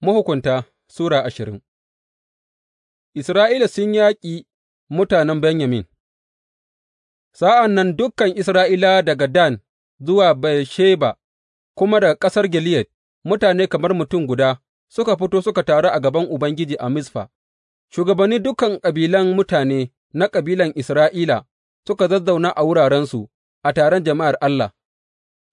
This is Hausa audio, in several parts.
Mahukunta Sura ashirin Isra'ila sun yaƙi mutanen Benyamin Sa'an nan dukan Isra'ila daga Dan zuwa Beyersheba, kuma daga ƙasar Gileyad, mutane kamar mutum guda suka fito suka taru a gaban Ubangiji a Mizfa, shugabanni dukan ƙabilan mutane na ƙabilan Isra'ila suka zazzauna a wurarensu a taron jama'ar Allah,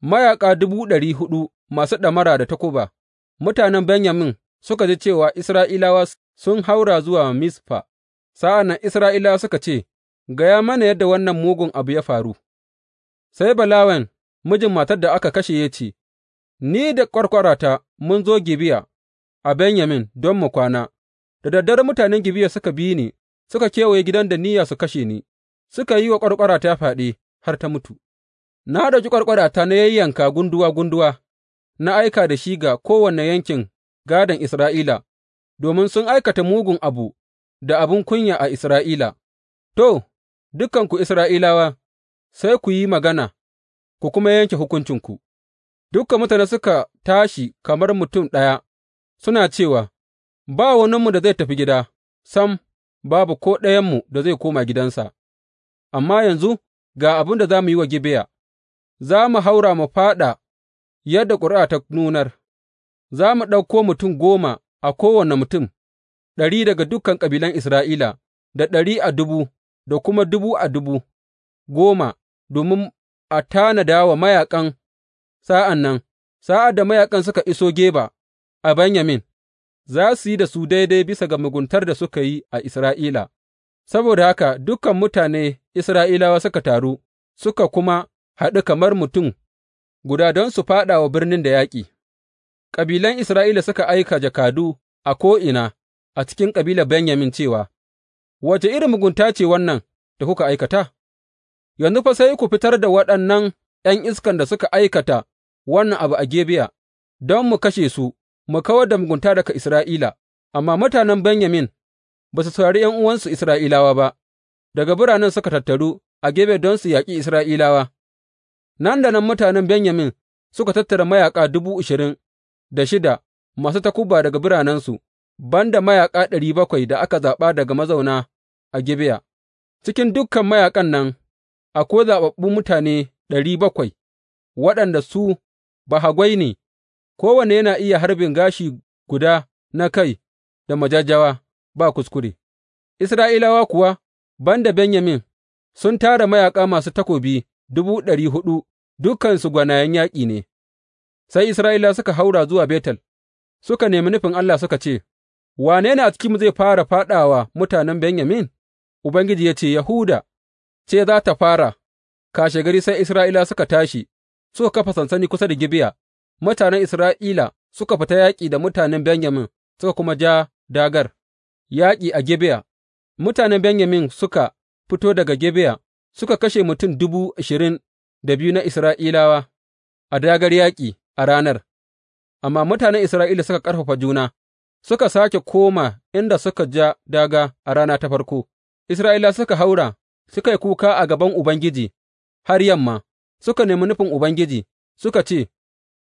mayaƙa dubu ɗari huɗu masu ɗamara da takuba. Mutanen Benyamin suka ji cewa Isra'ilawa sun haura zuwa Mizfa, sa'an nan Isra'ilawa suka ce, Gaya mana yadda wannan mugun abu ya faru, sai Balawen mijin matar da aka kashe ya ce, Ni da ƙwarƙwarata mun zo Gibeya a Benyamin don mu kwana, da daddare mutanen Gibeya suka bi ni suka kewaye gidan da niyya su kashe ni, suka yi wa ƙwarƙwarata fyaɗe har ta mutu, na ɗauki ƙwarƙwarata na yayyanka gunduwa gunduwa. na aika da shi ga kowane yankin gādon Isra'ila, domin sun aikata mugun abu da abin kunya a Isra'ila, to, dukanku Isra'ilawa, sai ku yi magana, ku kuma yanke hukuncinku, dukan mutane suka tashi kamar mutum ɗaya, suna cewa, Ba waninmu da zai tafi gida, sam, babu ko ɗayanmu da zai koma gidansa, amma yanzu ga abin da za mu yi wa Gibeya, za mu haura mu faɗa. yadda ƙuri'a ta nunar, za mu ɗauko mutum goma a kowane mutum, ɗari daga dukan kabilan Isra'ila, da ɗari a dubu, da kuma dubu a dubu goma, domin a tanada wa mayaƙan sa'an nan, sa'ad da mayaƙan suka iso Geba a Benyamin, za su yi da su daidai bisa ga muguntar da suka yi a Isra'ila. Saboda haka dukan mutane Isra'ilawa suka taru, suka kuma haɗu kamar mutum guda don su fāɗa wa birnin da yaƙi. Kabilan Isra'ila suka aika jakadu a ko'ina a cikin kabilar Benyamin cewa, Wace irin mugunta ce wannan da kuka aikata? Yanzu fa sai ku fitar da waɗannan ’yan iskan da suka aikata wannan abu a Gebiya, don mu kashe su, mu kawar da mugunta daga Isra'ila, amma mutanen Benyamin ba su saurari uwansu Isra'ilawa ba, daga biranen suka tattaru a Gebiya don su yaƙi Isra'ilawa. Nan da nan mutanen Benyamin suka tattara mayaƙa dubu ashirin da shida masu takuba daga biranensu, ban da mayaƙa ɗari bakwai da aka zaɓa daga mazauna a Gibeya, cikin dukkan mayaƙan nan akwai zaɓaɓɓun mutane ɗari bakwai, waɗanda su bahagwai ne, kowanne yana iya harbin gashi guda na kai da majajjawa ba kuskure. Isra'ilawa kuwa, ban da Benyamin, sun tara mayaƙa masu takobi dubu ɗari huɗu, dukansu gwanayen yaƙi ne, sai Isra'ila suka haura zuwa Betel, suka nemi nufin Allah suka ce, Wane na a zai fara faɗawa mutanen Benyamin? Ubangiji ya ce, Yahuda ce za ta fara, kashegari sai Isra'ila suka tashi, suka kafa sansani kusa da Gibeya, mutanen Isra'ila suka fita yaƙi da mutanen Benyamin suka kuma ja dagar, yaƙi a Gibeya, mutanen Benyamin suka fito daga Gibeya suka kashe mutum dubu ashirin da biyu na Isra'ilawa a dagar yaƙi a ranar, amma mutanen Isra'ila suka ƙarfafa juna, suka sake koma inda suka ja daga a rana ta farko, Isra'ila suka haura, suka yi kuka a gaban Ubangiji har yamma, suka nemi nufin Ubangiji, suka ce,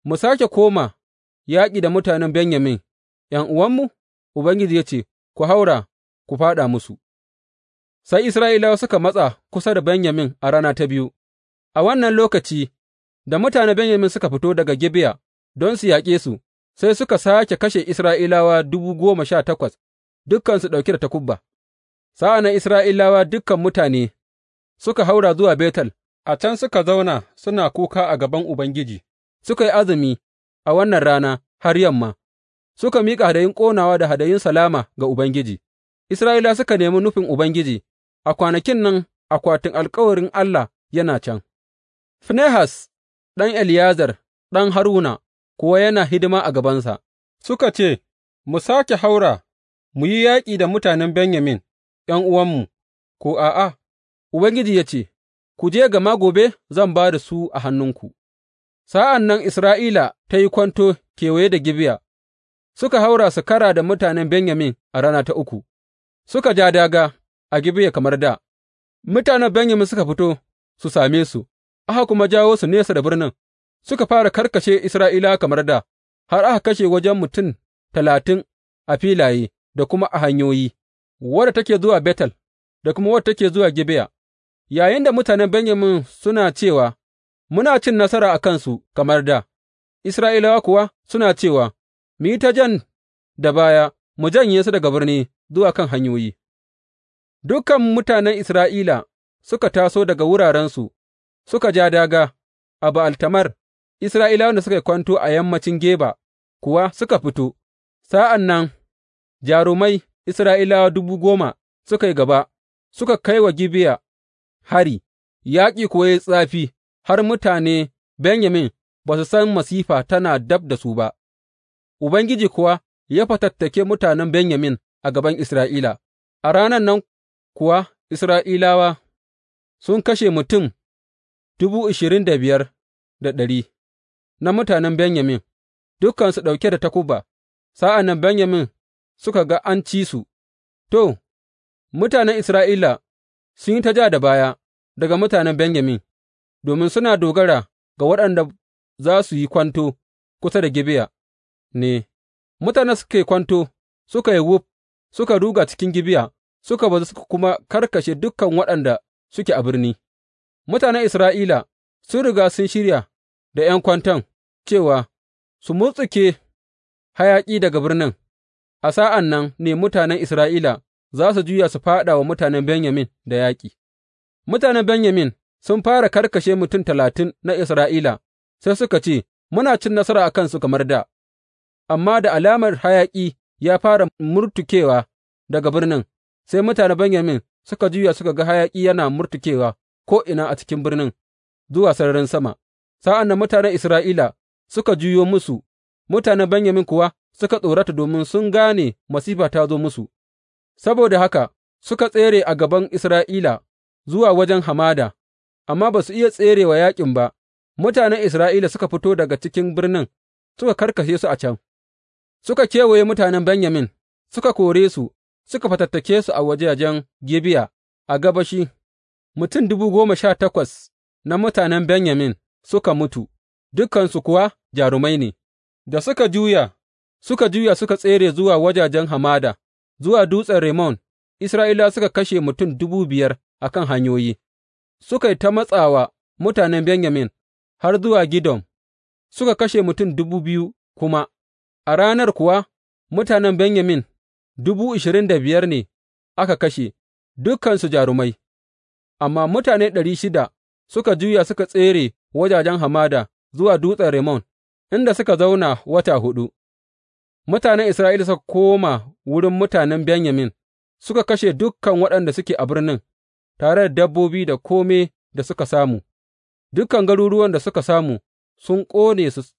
Mu sake koma yaƙi da mutanen Benyamin, ’yan'uwanmu? Ubangiji ya ce, Ku haura, ku fāɗa musu. Sai Isra'ilawa suka matsa kusa da Benyamin a rana ta biyu, a wannan lokaci da mutane Benyamin suka fito daga Gibeya don su yaƙe su, sai suka sake kashe Isra'ilawa dubu goma sha takwas, dukansu ɗauki da takubba. Sa'an nan Isra'ilawa dukan mutane suka haura zuwa Betel, a can suka zauna suna kuka a gaban Ubangiji, suka yi azumi a wannan rana har yamma, suka miƙa hadayun ƙonawa da hadayun salama ga Ubangiji. Isra'ilawa suka nemi nufin Ubangiji, a kwanakin nan akwatin alkawarin Allah yana can, Finehas ɗan Eliyazar ɗan Haruna kuwa yana hidima a gabansa, suka ce, Mu sake haura, mu yi yaƙi da mutanen Benyamin, ’yan uwanmu, ko a'a, Ubangiji ya ce, Ku je gama gobe zan ba da su a hannunku. Sa'an nan Isra'ila ta yi kwanto kewaye da Gibeya, suka haura su kara da mutanen Benyamin a rana ta uku, suka ja daga, a Gibeya kamar da, mutanen Benyamin suka fito su same su, aka kuma jawo su nesa da birnin, suka fara karkashe isra'ila kamar da, har aka kashe wajen mutum talatin a filaye da kuma a hanyoyi, wadda take zuwa Betel da kuma wadda take zuwa Gibeya, da mutanen Benyamin suna cewa, Muna cin nasara a kansu kamar da, Isra'ilawa kuwa suna cewa, Mu yi ta jan da baya, mu janye su daga birni zuwa kan hanyoyi. Dukan mutanen Isra'ila suka taso daga wurarensu suka ja daga. a Ba'al Tamar, Isra'ilawan da suka yi kwanto a yammacin Geba kuwa suka fito, sa'an nan jarumai Isra'ilawa dubu goma suka yi gaba, suka kai wa Gibeya hari, yaƙi kuwa ya tsafi har mutane Benyamin ba su san masifa tana dab da su ba, Ubangiji kuwa ya fatattake mutanen Benyamin a gaban Isra'ila, a ranan nan kuwa Isra'ilawa sun kashe mutum dubu ashirin da biyar da ɗari na mutanen Benyamin, dukansu ɗauke da takuba, sa'an nan Benyamin suka ga an ci su, to, mutanen Isra'ila sun yi ta ja da baya daga mutanen Benyamin, domin suna dogara ga waɗanda za su yi kwanto kusa da Gibeya ne, mutanen suka yi kwanto suka yi wuf suka ruga cikin Gibeya suka bazu suka kuma karkashe dukan waɗanda suke a birni. Mutanen Isra'ila sun riga sun shirya da ’yan kwanton cewa su mutsuke hayaƙi daga birnin, a sa'an nan ne mutanen Isra'ila za su juya su fāɗa wa mutanen Benyamin da yaƙi. Mutanen Benyamin sun fara karkashe mutum talatin na Isra'ila, sai suka ce, Muna cin nasara a kansu kamar da, amma da alamar hayaƙi ya fara murtukewa daga birnin, sai mutanen Benyamin suka juya suka ga hayaƙi yana murtukewa ko'ina a cikin birnin zuwa sararin sama, sa'an nan mutanen Isra'ila suka juyo musu, mutanen Benyamin kuwa suka tsorata domin sun gane masifa ta zo musu, saboda haka suka tsere a gaban Isra'ila zuwa wajen hamada, amma ba su iya tsere wa yaƙin ba, mutanen Isra'ila suka fito daga cikin birnin suka karkashe su a can, suka kewaye mutanen Benyamin, suka kore su, suka fatattake su a wajajen Gibeya a gabashi, mutum dubu goma sha takwas na mutanen Benyamin suka mutu, dukansu kuwa jarumai ne, da suka juya, suka juya suka tsere zuwa wajajen hamada, zuwa dutsen Remon, Isra'ila suka kashe mutum dubu biyar a kan hanyoyi, suka yi ta matsawa mutanen Benyamin har zuwa Gidom, suka kashe mutum dubu biyu kuma, a ranar kuwa mutanen Benyamin dubu ashirin da biyar ne aka kashe, dukansu jarumai, amma mutane ɗari shida suka juya suka tsere wajajen hamada zuwa dutsen Rimmon, inda suka zauna wata huɗu. Mutanen Isra'ila suka koma wurin mutanen Benyamin, suka kashe dukan waɗanda suke a birnin, tare da dabbobi da kome da suka samu, dukan garuruwan da suka samu sun ƙone su